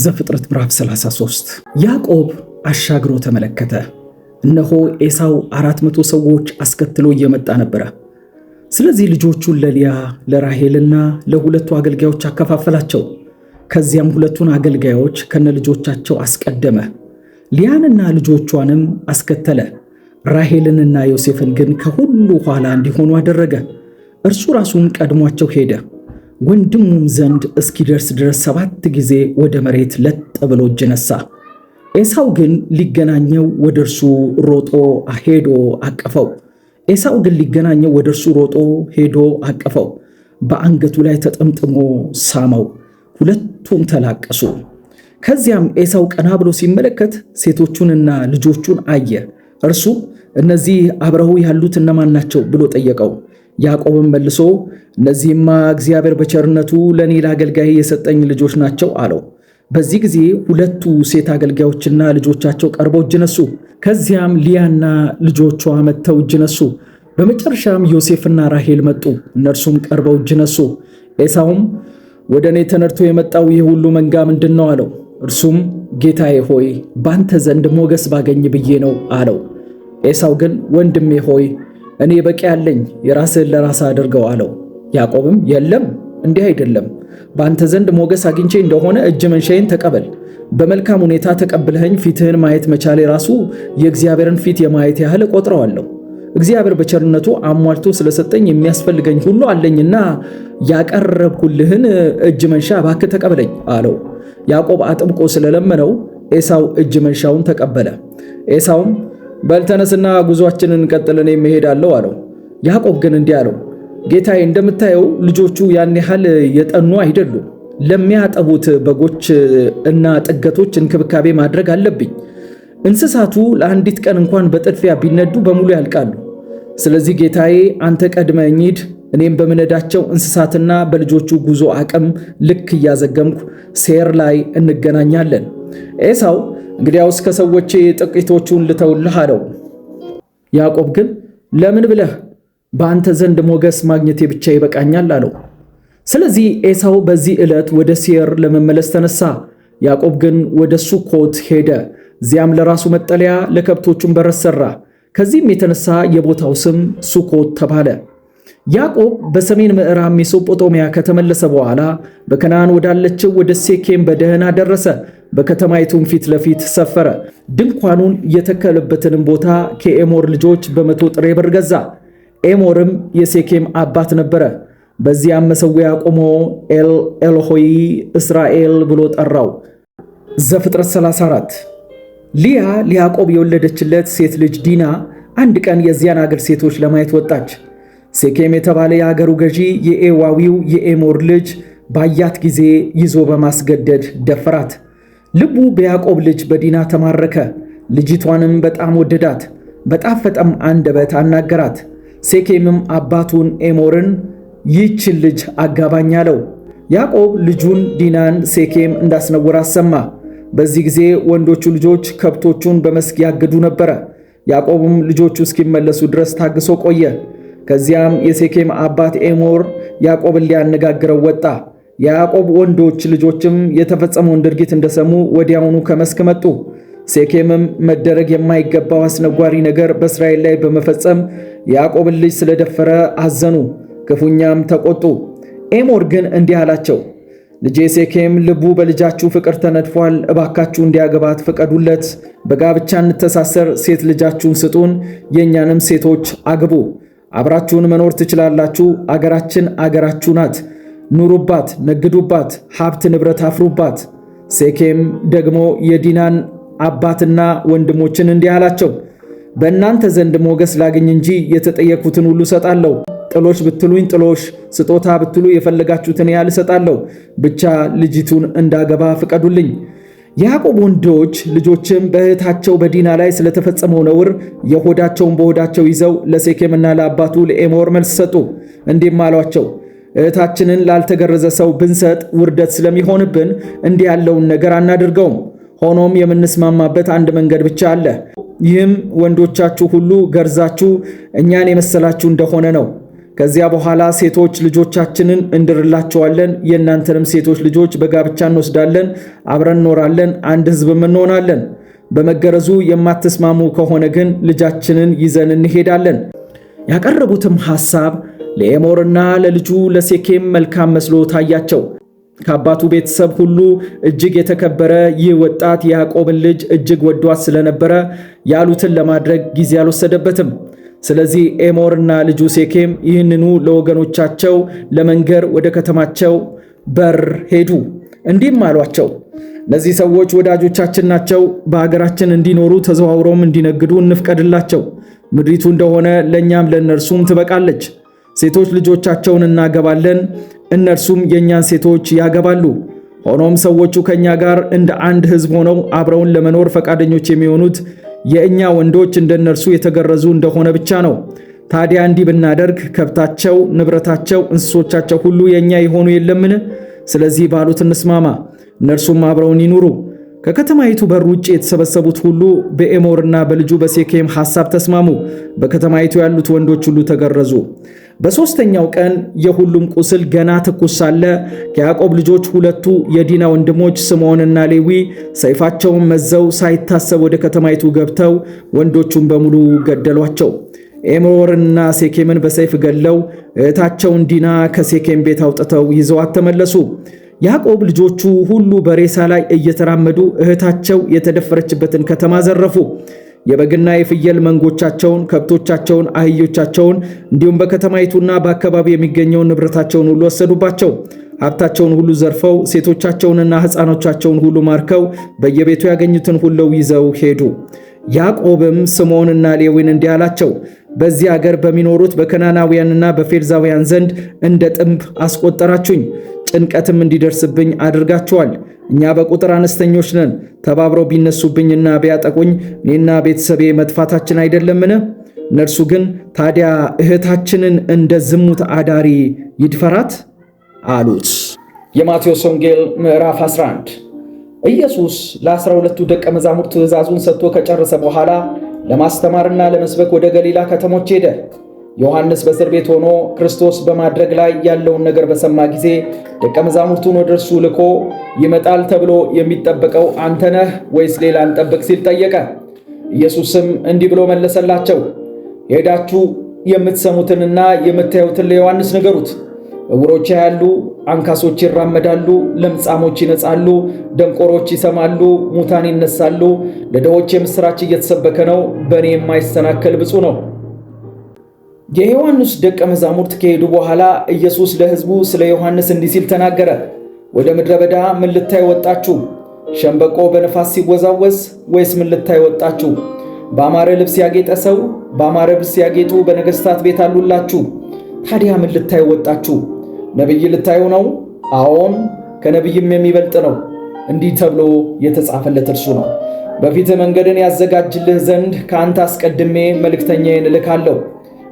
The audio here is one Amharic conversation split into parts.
ዘፍጥረት ምዕራፍ 33 ያዕቆብ አሻግሮ ተመለከተ፣ እነሆ ኤሳው 400 መቶ ሰዎች አስከትሎ እየመጣ ነበረ። ስለዚህ ልጆቹን ለልያ ለራሄልና ለሁለቱ አገልጋዮች አከፋፈላቸው። ከዚያም ሁለቱን አገልጋዮች ከነልጆቻቸው አስቀደመ፣ ሊያንና ልጆቿንም አስከተለ። ራሄልንና ዮሴፍን ግን ከሁሉ ኋላ እንዲሆኑ አደረገ። እርሱ ራሱን ቀድሟቸው ሄደ። ወንድሙም ዘንድ እስኪደርስ ድረስ ሰባት ጊዜ ወደ መሬት ለጥ ብሎ እጅ ነሳ። ኤሳው ግን ሊገናኘው ወደ እርሱ ሮጦ ሄዶ አቀፈው። ኤሳው ግን ሊገናኘው ወደ እርሱ ሮጦ ሄዶ አቀፈው፣ በአንገቱ ላይ ተጠምጥሞ ሳመው። ሁለቱም ተላቀሱ። ከዚያም ኤሳው ቀና ብሎ ሲመለከት ሴቶቹንና ልጆቹን አየ። እርሱ እነዚህ አብረው ያሉት እነማን ናቸው ብሎ ጠየቀው። ያዕቆብን መልሶ እነዚህማ እግዚአብሔር በቸርነቱ ለእኔ ለአገልጋይ የሰጠኝ ልጆች ናቸው አለው። በዚህ ጊዜ ሁለቱ ሴት አገልጋዮችና ልጆቻቸው ቀርበው እጅ ነሱ። ከዚያም ሊያና ልጆቿ መጥተው እጅ ነሱ። በመጨረሻም ዮሴፍና ራሄል መጡ። እነርሱም ቀርበው እጅ ነሱ። ኤሳውም ወደ እኔ ተነድቶ የመጣው ይህ ሁሉ መንጋ ምንድን ነው አለው። እርሱም ጌታዬ ሆይ በአንተ ዘንድ ሞገስ ባገኝ ብዬ ነው አለው። ኤሳው ግን ወንድሜ ሆይ እኔ በቂ ያለኝ የራስህን ለራስህ አድርገው አለው። ያዕቆብም የለም እንዲህ አይደለም፣ በአንተ ዘንድ ሞገስ አግኝቼ እንደሆነ እጅ መንሻዬን ተቀበል። በመልካም ሁኔታ ተቀብለኸኝ ፊትህን ማየት መቻሌ ራሱ የእግዚአብሔርን ፊት የማየት ያህል እቆጥረዋለሁ። እግዚአብሔር በቸርነቱ አሟልቶ ስለሰጠኝ የሚያስፈልገኝ ሁሉ አለኝና ያቀረብኩልህን እጅ መንሻ እባክህ ተቀበለኝ አለው። ያዕቆብ አጥብቆ ስለለመነው ኤሳው እጅ መንሻውን ተቀበለ። ኤሳውም በልተነስና ጉዟችንን ቀጥል፣ እኔም እሄዳለሁ አለው። ያዕቆብ ግን እንዲህ አለው፣ ጌታዬ እንደምታየው ልጆቹ ያን ያህል የጠኑ አይደሉም። ለሚያጠቡት በጎች እና ጥገቶች እንክብካቤ ማድረግ አለብኝ። እንስሳቱ ለአንዲት ቀን እንኳን በጥድፊያ ቢነዱ በሙሉ ያልቃሉ። ስለዚህ ጌታዬ አንተ ቀድመኝ ሂድ፣ እኔም በምነዳቸው እንስሳትና በልጆቹ ጉዞ አቅም ልክ እያዘገምኩ ሴር ላይ እንገናኛለን። ኤሳው እንግዲያውስ ከሰዎቼ ጥቂቶቹን ልተውልህ አለው። ያዕቆብ ግን ለምን ብለህ በአንተ ዘንድ ሞገስ ማግኘቴ ብቻ ይበቃኛል አለው። ስለዚህ ኤሳው በዚህ ዕለት ወደ ሴር ለመመለስ ተነሳ። ያዕቆብ ግን ወደ ሱኮት ሄደ። እዚያም ለራሱ መጠለያ ለከብቶቹም በረት ሰራ ከዚህም የተነሳ የቦታው ስም ሱኮት ተባለ። ያዕቆብ በሰሜን ምዕራብ ሜሶጶቶሚያ ከተመለሰ በኋላ በከነዓን ወዳለችው ወደ ሴኬም በደህና ደረሰ። በከተማይቱም ፊት ለፊት ሰፈረ። ድንኳኑን የተከለበትንም ቦታ ከኤሞር ልጆች በመቶ ጥሬ ብር ገዛ። ኤሞርም የሴኬም አባት ነበረ። በዚያም መሠዊያ ቆሞ ኤል ኤልሆይ እስራኤል ብሎ ጠራው። ዘፍጥረት 34 ሊያ ለያዕቆብ የወለደችለት ሴት ልጅ ዲና አንድ ቀን የዚያን አገር ሴቶች ለማየት ወጣች። ሴኬም የተባለ የአገሩ ገዢ የኤዋዊው የኤሞር ልጅ ባያት ጊዜ ይዞ በማስገደድ ደፈራት። ልቡ በያዕቆብ ልጅ በዲና ተማረከ። ልጅቷንም በጣም ወደዳት፣ በጣፈጠም አንደበት አናገራት። ሴኬምም አባቱን ኤሞርን ይህችን ልጅ አጋባኝ አለው። ያዕቆብ ልጁን ዲናን ሴኬም እንዳስነውር አሰማ። በዚህ ጊዜ ወንዶቹ ልጆች ከብቶቹን በመስክ ያግዱ ነበረ። ያዕቆብም ልጆቹ እስኪመለሱ ድረስ ታግሶ ቆየ። ከዚያም የሴኬም አባት ኤሞር ያዕቆብን ሊያነጋግረው ወጣ። የያዕቆብ ወንዶች ልጆችም የተፈጸመውን ድርጊት እንደሰሙ ወዲያውኑ ከመስክ መጡ። ሴኬምም መደረግ የማይገባው አስነጓሪ ነገር በእስራኤል ላይ በመፈጸም የያዕቆብን ልጅ ስለደፈረ አዘኑ፣ ክፉኛም ተቆጡ። ኤሞር ግን እንዲህ አላቸው፣ ልጄ ሴኬም ልቡ በልጃችሁ ፍቅር ተነድፏል። እባካችሁ እንዲያገባት ፍቀዱለት። በጋብቻ እንተሳሰር፣ ሴት ልጃችሁን ስጡን፣ የእኛንም ሴቶች አግቡ አብራችሁን መኖር ትችላላችሁ። አገራችን አገራችሁ ናት። ኑሩባት፣ ነግዱባት፣ ሀብት ንብረት አፍሩባት። ሴኬም ደግሞ የዲናን አባትና ወንድሞችን እንዲህ አላቸው፣ በእናንተ ዘንድ ሞገስ ላግኝ እንጂ የተጠየኩትን ሁሉ እሰጣለሁ። ጥሎሽ ብትሉኝ ጥሎሽ፣ ስጦታ ብትሉ የፈለጋችሁትን ያህል እሰጣለሁ። ብቻ ልጅቱን እንዳገባ ፍቀዱልኝ። የያዕቆብ ወንዶች ልጆችም በእህታቸው በዲና ላይ ስለተፈጸመው ነውር የሆዳቸውን በሆዳቸው ይዘው ለሴኬምና ለአባቱ ለኤሞር መልስ ሰጡ። እንዲህም አሏቸው፣ እህታችንን ላልተገረዘ ሰው ብንሰጥ ውርደት ስለሚሆንብን እንዲህ ያለውን ነገር አናድርገውም። ሆኖም የምንስማማበት አንድ መንገድ ብቻ አለ። ይህም ወንዶቻችሁ ሁሉ ገርዛችሁ እኛን የመሰላችሁ እንደሆነ ነው። ከዚያ በኋላ ሴቶች ልጆቻችንን እንድርላቸዋለን፣ የእናንተንም ሴቶች ልጆች በጋብቻ እንወስዳለን፣ አብረን እንኖራለን፣ አንድ ህዝብም እንሆናለን። በመገረዙ የማትስማሙ ከሆነ ግን ልጃችንን ይዘን እንሄዳለን። ያቀረቡትም ሐሳብ ለኤሞርና ለልጁ ለሴኬም መልካም መስሎ ታያቸው። ከአባቱ ቤተሰብ ሁሉ እጅግ የተከበረ ይህ ወጣት የያዕቆብን ልጅ እጅግ ወዷት ስለነበረ ያሉትን ለማድረግ ጊዜ አልወሰደበትም። ስለዚህ ኤሞርና ልጁ ሴኬም ይህንኑ ለወገኖቻቸው ለመንገር ወደ ከተማቸው በር ሄዱ። እንዲህም አሏቸው፣ እነዚህ ሰዎች ወዳጆቻችን ናቸው። በሀገራችን እንዲኖሩ ተዘዋውረውም እንዲነግዱ እንፍቀድላቸው። ምድሪቱ እንደሆነ ለእኛም ለእነርሱም ትበቃለች። ሴቶች ልጆቻቸውን እናገባለን፣ እነርሱም የእኛን ሴቶች ያገባሉ። ሆኖም ሰዎቹ ከእኛ ጋር እንደ አንድ ሕዝብ ሆነው አብረውን ለመኖር ፈቃደኞች የሚሆኑት የእኛ ወንዶች እንደነርሱ የተገረዙ እንደሆነ ብቻ ነው። ታዲያ እንዲህ ብናደርግ ከብታቸው፣ ንብረታቸው፣ እንስሶቻቸው ሁሉ የእኛ የሆኑ የለምን? ስለዚህ ባሉት እንስማማ፣ እነርሱም አብረውን ይኑሩ። ከከተማይቱ በር ውጭ የተሰበሰቡት ሁሉ በኤሞርና በልጁ በሴኬም ሐሳብ ተስማሙ። በከተማይቱ ያሉት ወንዶች ሁሉ ተገረዙ። በሦስተኛው ቀን የሁሉም ቁስል ገና ትኩስ ሳለ ከያዕቆብ ልጆች ሁለቱ የዲና ወንድሞች ስምዖንና ሌዊ ሰይፋቸውን መዘው ሳይታሰብ ወደ ከተማይቱ ገብተው ወንዶቹን በሙሉ ገደሏቸው። ኤሞርና ሴኬምን በሰይፍ ገለው እህታቸውን ዲና ከሴኬም ቤት አውጥተው ይዘዋት ተመለሱ። ያዕቆብ ልጆቹ ሁሉ በሬሳ ላይ እየተራመዱ እህታቸው የተደፈረችበትን ከተማ ዘረፉ። የበግና የፍየል መንጎቻቸውን፣ ከብቶቻቸውን፣ አህዮቻቸውን እንዲሁም በከተማይቱና በአካባቢ የሚገኘውን ንብረታቸውን ሁሉ ወሰዱባቸው። ሀብታቸውን ሁሉ ዘርፈው ሴቶቻቸውንና ሕፃኖቻቸውን ሁሉ ማርከው በየቤቱ ያገኙትን ሁለው ይዘው ሄዱ። ያዕቆብም ስምዖንና ሌዊን እንዲህ አላቸው፣ በዚህ አገር በሚኖሩት በከናናውያንና በፌርዛውያን ዘንድ እንደ ጥንብ አስቆጠራችሁኝ፣ ጭንቀትም እንዲደርስብኝ አድርጋችኋል። እኛ በቁጥር አነስተኞች ነን። ተባብረው ቢነሱብኝና ቢያጠቁኝ እኔና ቤተሰቤ መጥፋታችን አይደለምን? እነርሱ ግን ታዲያ እህታችንን እንደ ዝሙት አዳሪ ይድፈራት አሉት። የማቴዎስ ወንጌል ምዕራፍ 11 ኢየሱስ ለአስራ ሁለቱ ደቀ መዛሙርት ትእዛዙን ሰጥቶ ከጨረሰ በኋላ ለማስተማርና ለመስበክ ወደ ገሊላ ከተሞች ሄደ። ዮሐንስ በእስር ቤት ሆኖ ክርስቶስ በማድረግ ላይ ያለውን ነገር በሰማ ጊዜ ደቀ መዛሙርቱን ወደ እርሱ ልኮ ይመጣል ተብሎ የሚጠበቀው አንተ ነህ ወይስ ሌላ እንጠብቅ? ሲል ጠየቀ። ኢየሱስም እንዲህ ብሎ መለሰላቸው፣ ሄዳችሁ የምትሰሙትንና የምታዩትን ለዮሐንስ ንገሩት። ዕውሮች ያሉ፣ አንካሶች ይራመዳሉ፣ ለምጻሞች ይነጻሉ፣ ደንቆሮች ይሰማሉ፣ ሙታን ይነሳሉ፣ ለድሆች የምሥራች እየተሰበከ ነው። በእኔ የማይሰናከል ብፁ ነው። የዮሐንስ ደቀ መዛሙርት ከሄዱ በኋላ ኢየሱስ ለሕዝቡ ስለ ዮሐንስ እንዲህ ሲል ተናገረ። ወደ ምድረ በዳ ምን ልታይ ወጣችሁ? ሸምበቆ በነፋስ ሲወዛወዝ ወይስ ምን ልታይ ወጣችሁ? በአማረ ልብስ ያጌጠ ሰው በአማረ ልብስ ያጌጡ በነገሥታት ቤት አሉላችሁ። ታዲያ ምን ልታይ ወጣችሁ? ነቢይ ልታዩ ነው? አዎን ከነቢይም የሚበልጥ ነው። እንዲህ ተብሎ የተጻፈለት እርሱ ነው። በፊትህ መንገድን ያዘጋጅልህ ዘንድ ከአንተ አስቀድሜ መልእክተኛዬን እልካለሁ።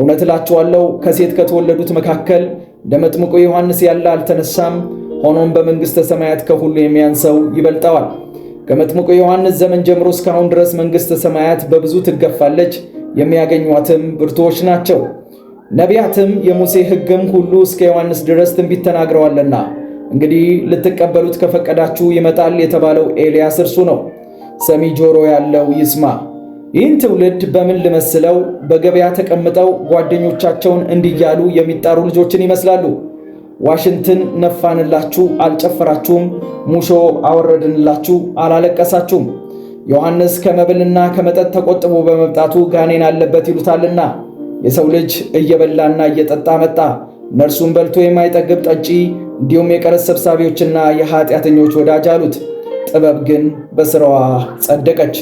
እውነት እላችኋለሁ ከሴት ከተወለዱት መካከል እንደ መጥምቁ ዮሐንስ ያለ አልተነሳም። ሆኖም በመንግሥተ ሰማያት ከሁሉ የሚያንሰው ይበልጠዋል። ከመጥምቁ ዮሐንስ ዘመን ጀምሮ እስካሁን ድረስ መንግሥተ ሰማያት በብዙ ትገፋለች፣ የሚያገኟትም ብርቶች ናቸው። ነቢያትም የሙሴ ሕግም ሁሉ እስከ ዮሐንስ ድረስ ትንቢት ተናግረዋልና እንግዲህ ልትቀበሉት ከፈቀዳችሁ ይመጣል የተባለው ኤልያስ እርሱ ነው። ሰሚ ጆሮ ያለው ይስማ። ይህን ትውልድ በምን ልመስለው? በገበያ ተቀምጠው ጓደኞቻቸውን እንዲያሉ የሚጣሩ ልጆችን ይመስላሉ። ዋሽንትን ነፋንላችሁ አልጨፈራችሁም፣ ሙሾ አወረድንላችሁ አላለቀሳችሁም። ዮሐንስ ከመብልና ከመጠጥ ተቆጥቦ በመምጣቱ ጋኔን አለበት ይሉታልና የሰው ልጅ እየበላና እየጠጣ መጣ፣ ነርሱን በልቶ የማይጠግብ ጠጪ፣ እንዲሁም የቀረጥ ሰብሳቢዎችና የኃጢአተኞች ወዳጅ አሉት። ጥበብ ግን በሥራዋ ጸደቀች።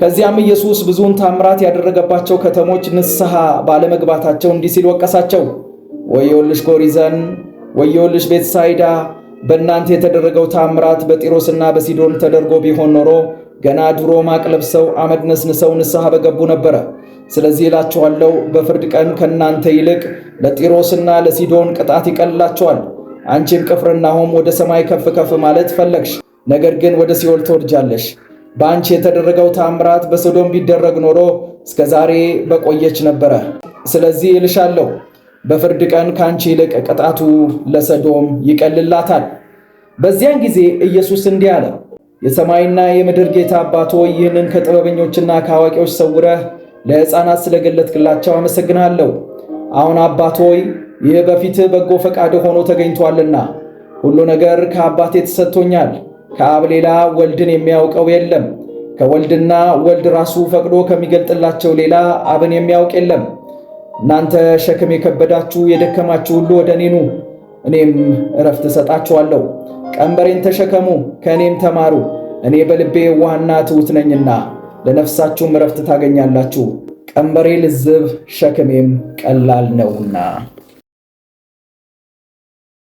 ከዚያም ኢየሱስ ብዙውን ታምራት ያደረገባቸው ከተሞች ንስሐ ባለመግባታቸው እንዲህ ሲል ወቀሳቸው። ወዮልሽ ኮሪዘን፣ ወዮልሽ ቤትሳይዳ! በእናንተ የተደረገው ታምራት በጢሮስና በሲዶን ተደርጎ ቢሆን ኖሮ ገና ድሮ ማቅ ለብሰው አመድ ነስንሰው ንስሐ በገቡ ነበረ። ስለዚህ እላችኋለሁ በፍርድ ቀን ከእናንተ ይልቅ ለጢሮስና ለሲዶን ቅጣት ይቀልላቸዋል። አንቺም ቅፍርናሆም ወደ ሰማይ ከፍ ከፍ ማለት ፈለግሽ፣ ነገር ግን ወደ ሲኦል ትወርጃለሽ። በአንቺ የተደረገው ታምራት በሶዶም ቢደረግ ኖሮ እስከ ዛሬ በቆየች ነበረ። ስለዚህ እልሻለሁ በፍርድ ቀን ከአንቺ ይልቅ ቅጣቱ ለሰዶም ይቀልላታል። በዚያን ጊዜ ኢየሱስ እንዲህ አለ፣ የሰማይና የምድር ጌታ አባቶ ይህንን ከጥበበኞችና ከአዋቂዎች ሰውረህ ለሕፃናት ስለገለጥክላቸው አመሰግናለሁ። አሁን አባቶይ ይህ በፊትህ በጎ ፈቃድ ሆኖ ተገኝቷልና ሁሉ ነገር ከአባቴ ተሰጥቶኛል። ከአብ ሌላ ወልድን የሚያውቀው የለም። ከወልድና ወልድ ራሱ ፈቅዶ ከሚገልጥላቸው ሌላ አብን የሚያውቅ የለም። እናንተ ሸክም የከበዳችሁ የደከማችሁ ሁሉ ወደ እኔ ኑ፣ እኔም እረፍት እሰጣችኋለሁ። ቀንበሬን ተሸከሙ፣ ከእኔም ተማሩ፣ እኔ በልቤ ዋህና ትሑት ነኝና ለነፍሳችሁም እረፍት ታገኛላችሁ። ቀንበሬ ልዝብ፣ ሸክሜም ቀላል ነውና።